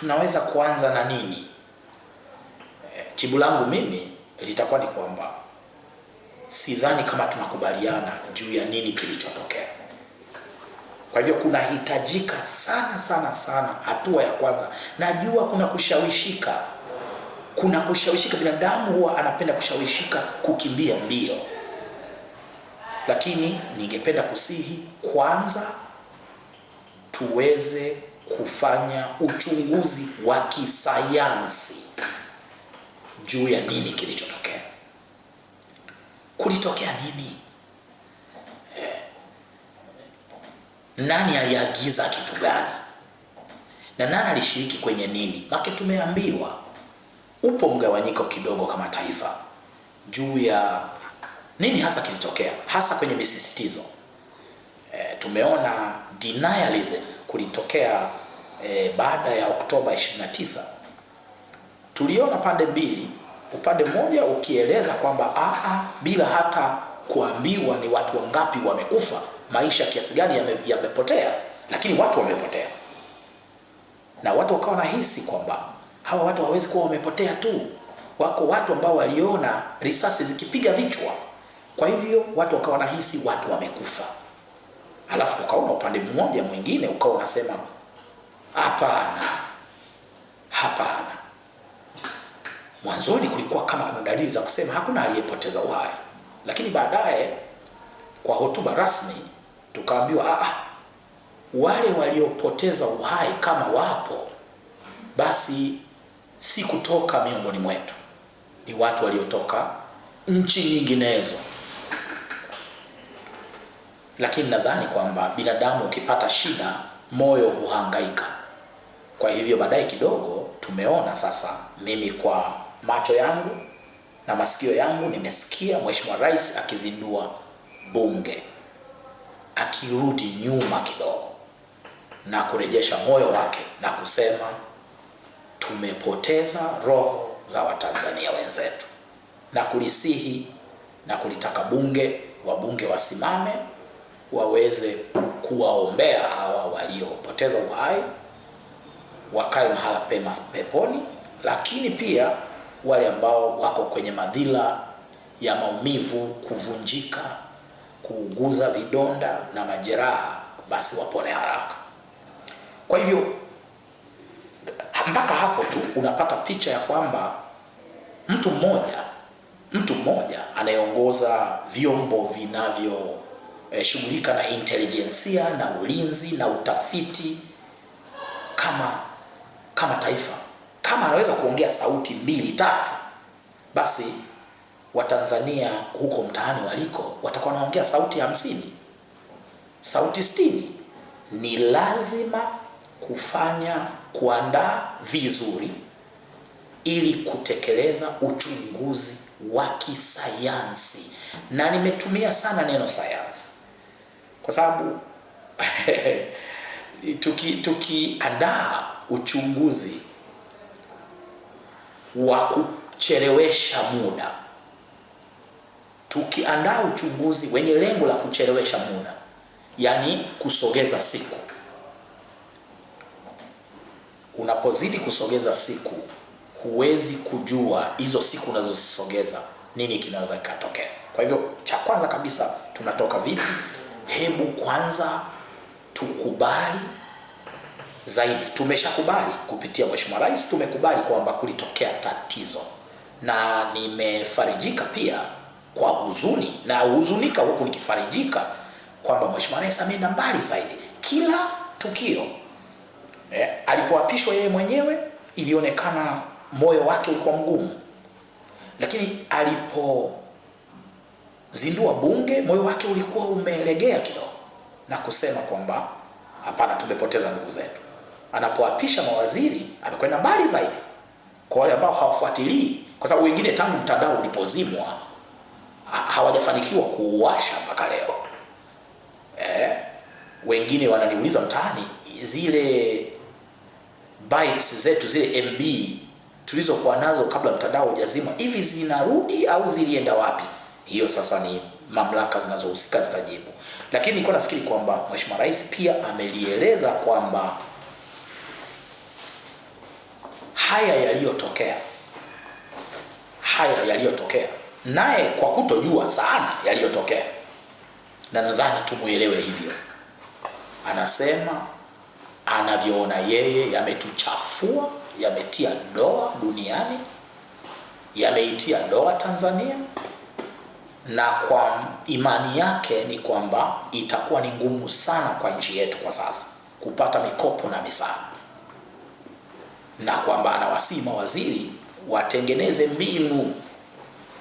tunaweza kuanza na nini? Eh, jibu langu mimi litakuwa ni kwamba sidhani kama tunakubaliana juu ya nini kilichotokea. Kwa hivyo kunahitajika sana sana sana hatua ya kwanza. Najua kuna kushawishika, kuna kushawishika. Binadamu huwa anapenda kushawishika kukimbia mbio, lakini ningependa kusihi kwanza tuweze kufanya uchunguzi wa kisayansi juu ya nini kilichotokea. Kulitokea nini? Eh, nani aliagiza kitu gani na nani alishiriki kwenye nini? Make tumeambiwa upo mgawanyiko kidogo kama taifa juu ya nini hasa kilitokea, hasa kwenye misisitizo. e, tumeona denialism kulitokea e, baada ya Oktoba 29, tuliona pande mbili, upande mmoja ukieleza kwamba aa, bila hata kuambiwa ni watu wangapi wamekufa, maisha kiasi gani yamepotea, yame lakini watu wamepotea, na watu wakawa nahisi kwamba hawa watu hawawezi kuwa wamepotea tu, wako watu ambao waliona risasi zikipiga vichwa, kwa hivyo watu wakawa nahisi watu wamekufa alafu tukaona upande mmoja mwingine ukawa unasema hapana, hapana. Mwanzoni kulikuwa kama kuna dalili za kusema hakuna aliyepoteza uhai, lakini baadaye kwa hotuba rasmi tukaambiwa ah, ah wale waliopoteza uhai kama wapo, basi si kutoka miongoni mwetu, ni watu waliotoka nchi nyinginezo lakini nadhani kwamba binadamu ukipata shida moyo huhangaika. Kwa hivyo baadaye kidogo tumeona sasa, mimi kwa macho yangu na masikio yangu nimesikia Mheshimiwa Rais akizindua bunge, akirudi nyuma kidogo na kurejesha moyo wake na kusema tumepoteza roho za Watanzania wenzetu, na kulisihi na kulitaka bunge, wabunge wasimame waweze kuwaombea hawa waliopoteza uhai wakae mahala pema peponi, lakini pia wale ambao wako kwenye madhila ya maumivu, kuvunjika, kuuguza vidonda na majeraha, basi wapone haraka. Kwa hivyo mpaka hapo tu unapata picha ya kwamba mtu mmoja mtu mmoja anayeongoza vyombo vinavyo e, shughulika na intelijensia na ulinzi na utafiti kama kama taifa. Kama anaweza kuongea sauti mbili tatu, basi Watanzania huko mtaani waliko watakuwa wanaongea sauti hamsini, sauti sitini. Ni lazima kufanya kuandaa vizuri ili kutekeleza uchunguzi wa kisayansi, na nimetumia sana neno sayansi kwa sababu tukiandaa uchunguzi wa kuchelewesha muda, tukiandaa uchunguzi wenye lengo la kuchelewesha muda, yaani kusogeza siku. Unapozidi kusogeza siku, huwezi kujua hizo siku unazozisogeza nini kinaweza kikatokea. Kwa hivyo, cha kwanza kabisa tunatoka vipi hebu kwanza tukubali zaidi. Tumeshakubali kupitia Mheshimiwa Rais, tumekubali kwamba kulitokea tatizo, na nimefarijika pia kwa huzuni na huzunika huku nikifarijika kwamba Mheshimiwa Rais ameenda mbali zaidi. Kila tukio eh, alipoapishwa yeye mwenyewe ilionekana moyo wake ulikuwa mgumu, lakini alipo zindua bunge, moyo wake ulikuwa umelegea kidogo na kusema kwamba hapana, tumepoteza ndugu zetu. Anapoapisha mawaziri amekwenda mbali zaidi, kwa wale ambao hawafuatilii, kwa sababu wengine tangu mtandao ulipozimwa hawajafanikiwa kuuwasha mpaka leo eh. Wengine wananiuliza mtaani, zile bytes zetu zile MB tulizokuwa nazo kabla mtandao ujazima hivi zinarudi au zilienda wapi? hiyo sasa ni mamlaka zinazohusika zitajibu. Lakini nilikuwa nafikiri kwamba Mheshimiwa Rais pia amelieleza kwamba haya yaliyotokea, haya yaliyotokea, naye kwa kutojua sana yaliyotokea, na nadhani tumuelewe hivyo, anasema anavyoona yeye, yametuchafua, yametia doa duniani, yameitia doa Tanzania na kwa imani yake ni kwamba itakuwa ni ngumu sana kwa nchi yetu kwa sasa kupata mikopo na misaada, na kwamba anawasii mawaziri watengeneze mbinu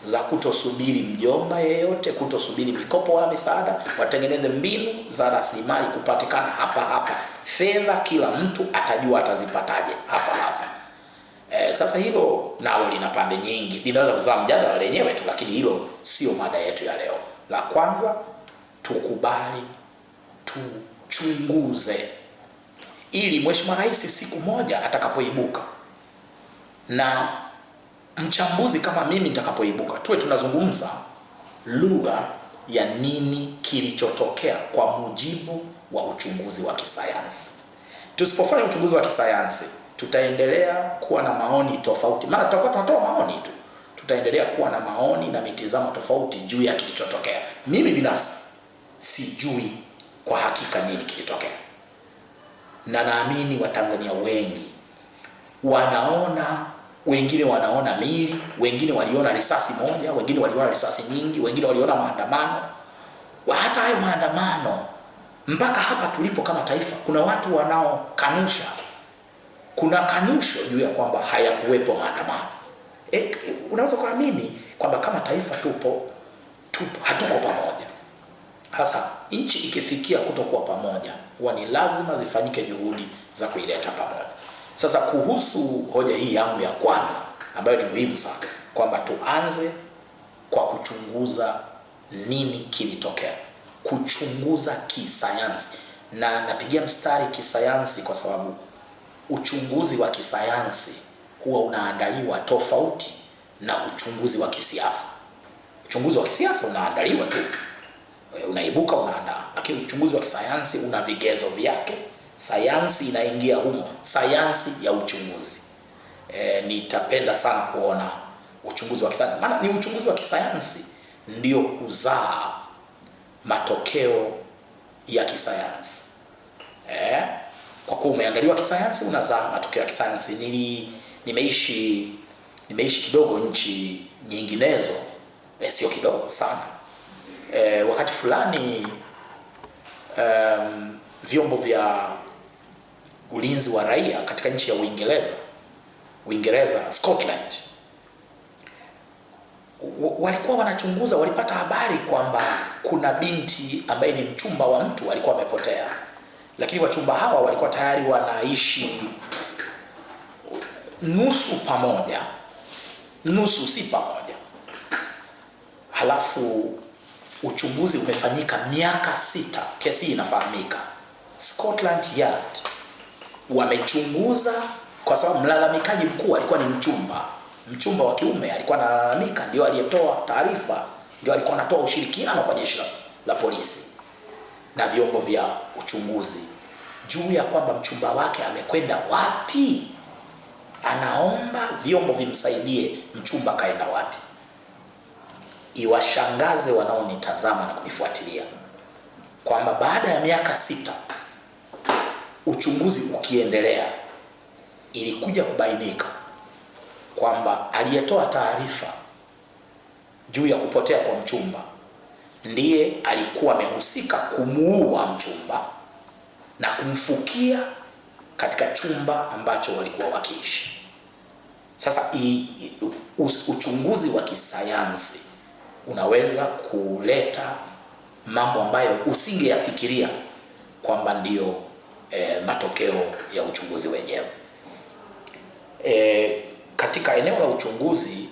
za kutosubiri mjomba yeyote, kutosubiri mikopo wala misaada, watengeneze mbinu za rasilimali kupatikana hapa hapa. Fedha kila mtu atajua atazipataje hapa hapa. Sasa hilo nalo lina pande nyingi, linaweza kuzaa mjadala lenyewe tu, lakini hilo sio mada yetu ya leo. La kwanza, tukubali tuchunguze, ili Mheshimiwa Rais siku moja atakapoibuka na mchambuzi kama mimi nitakapoibuka, tuwe tunazungumza lugha ya nini kilichotokea kwa mujibu wa uchunguzi wa kisayansi. Tusipofanya uchunguzi wa kisayansi tutaendelea kuwa na maoni tofauti, maana tutakuwa tunatoa maoni tu, tutaendelea kuwa na maoni na mitizamo tofauti juu ya kilichotokea. Mimi binafsi sijui kwa hakika nini kilitokea, na naamini Watanzania wengi wanaona wengine wanaona mili, wengine waliona risasi moja, wengine waliona risasi nyingi, wengine waliona maandamano. Hata hayo maandamano mpaka hapa tulipo kama taifa, kuna watu wanaokanusha kuna kanusho juu ya kwamba hayakuwepo maandamano. E, unaweza kuamini kwamba kama taifa tupo, tupo hatuko pamoja. Hasa nchi ikifikia kutokuwa pamoja, huwa ni lazima zifanyike juhudi za kuileta pamoja. Sasa kuhusu hoja hii yangu ya kwanza ambayo ni muhimu sana kwamba tuanze kwa kuchunguza nini kilitokea, kuchunguza kisayansi, na napigia mstari kisayansi kwa sababu uchunguzi wa kisayansi huwa unaandaliwa tofauti na uchunguzi wa kisiasa. Uchunguzi wa kisiasa unaandaliwa tu, e, unaibuka unaandaa, lakini uchunguzi wa kisayansi una vigezo vyake. Sayansi inaingia humo, sayansi ya uchunguzi. E, nitapenda sana kuona uchunguzi wa kisayansi, maana ni uchunguzi wa kisayansi ndio huzaa matokeo ya kisayansi e kwa kuwa umeangaliwa kisayansi, unazaa matokeo ya kisayansi. Nili nimeishi nimeishi kidogo nchi nyinginezo, e, sio kidogo sana. E, wakati fulani um, vyombo vya ulinzi wa raia katika nchi ya Uingereza Uingereza Scotland walikuwa wanachunguza, walipata habari kwamba kuna binti ambaye ni mchumba wa mtu alikuwa amepotea lakini wachumba hawa walikuwa tayari wanaishi nusu pamoja, nusu si pamoja. Halafu uchunguzi umefanyika miaka sita, kesi inafahamika Scotland Yard, wamechunguza kwa sababu mlalamikaji mkuu alikuwa ni mchumba. Mchumba wa kiume alikuwa analalamika, ndio aliyetoa taarifa, ndio alikuwa anatoa ushirikiano kwa jeshi la polisi na vyombo vya uchunguzi juu ya kwamba mchumba wake amekwenda wapi. Anaomba vyombo vimsaidie mchumba kaenda wapi. Iwashangaze wanaonitazama na kunifuatilia kwamba baada ya miaka sita uchunguzi ukiendelea, ilikuja kubainika kwamba aliyetoa taarifa juu ya kupotea kwa mchumba ndiye alikuwa amehusika kumuua mchumba na kumfukia katika chumba ambacho walikuwa wakiishi. Sasa i, uchunguzi wa kisayansi unaweza kuleta mambo ambayo usingeyafikiria kwamba ndiyo e, matokeo ya uchunguzi wenyewe. E, katika eneo la uchunguzi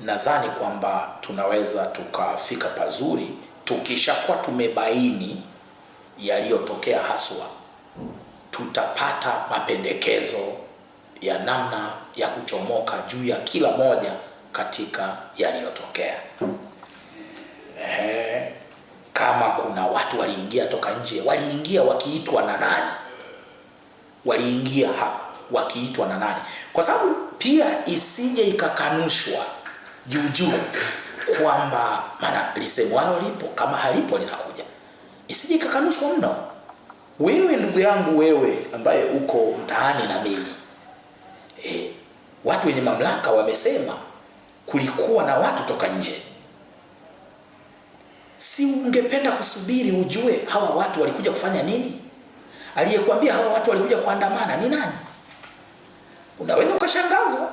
nadhani kwamba tunaweza tukafika pazuri tukishakuwa tumebaini yaliyotokea haswa, tutapata mapendekezo ya namna ya kuchomoka juu ya kila moja katika yaliyotokea. Ehe, kama kuna watu waliingia toka nje, waliingia wakiitwa na nani? Waliingia hapa wakiitwa na nani? Kwa sababu pia isije ikakanushwa juu kwamba maana lisemwalo lipo, kama halipo linakuja, isije kakanushwa mno. Wewe ndugu yangu, wewe ambaye uko mtaani na mimi e, watu wenye mamlaka wamesema kulikuwa na watu toka nje. Si ungependa kusubiri ujue hawa watu walikuja kufanya nini? Aliyekwambia hawa watu walikuja kuandamana ni nani? Unaweza ukashangazwa,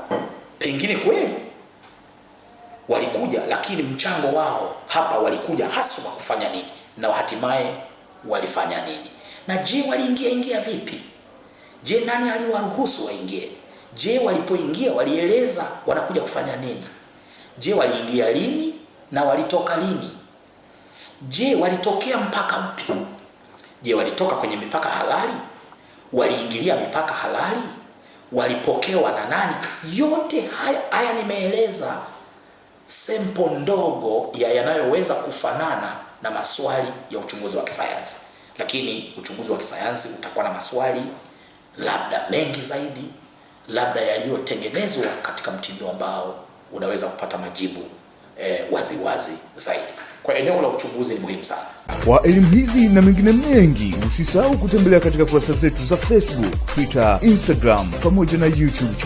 pengine kweli walikuja, lakini mchango wao hapa, walikuja haswa kufanya nini na hatimaye walifanya nini? Na je, waliingia ingia vipi? Je, nani aliwaruhusu waingie? Je, walipoingia walieleza wanakuja kufanya nini? Je, waliingia lini na walitoka lini? Je, walitokea mpaka upi? Je, walitoka kwenye mipaka halali? Waliingilia mipaka halali? Walipokewa na nani? Yote haya haya nimeeleza sempo ndogo ya yanayoweza kufanana na maswali ya uchunguzi wa kisayansi, lakini uchunguzi wa kisayansi utakuwa na maswali labda mengi zaidi, labda yaliyotengenezwa katika mtindo ambao unaweza kupata majibu eh, wazi wazi zaidi. Kwa eneo la uchunguzi ni muhimu sana. Kwa elimu hizi na mengine mengi, usisahau kutembelea katika kurasa zetu za Facebook, Twitter, Instagram pamoja na YouTube.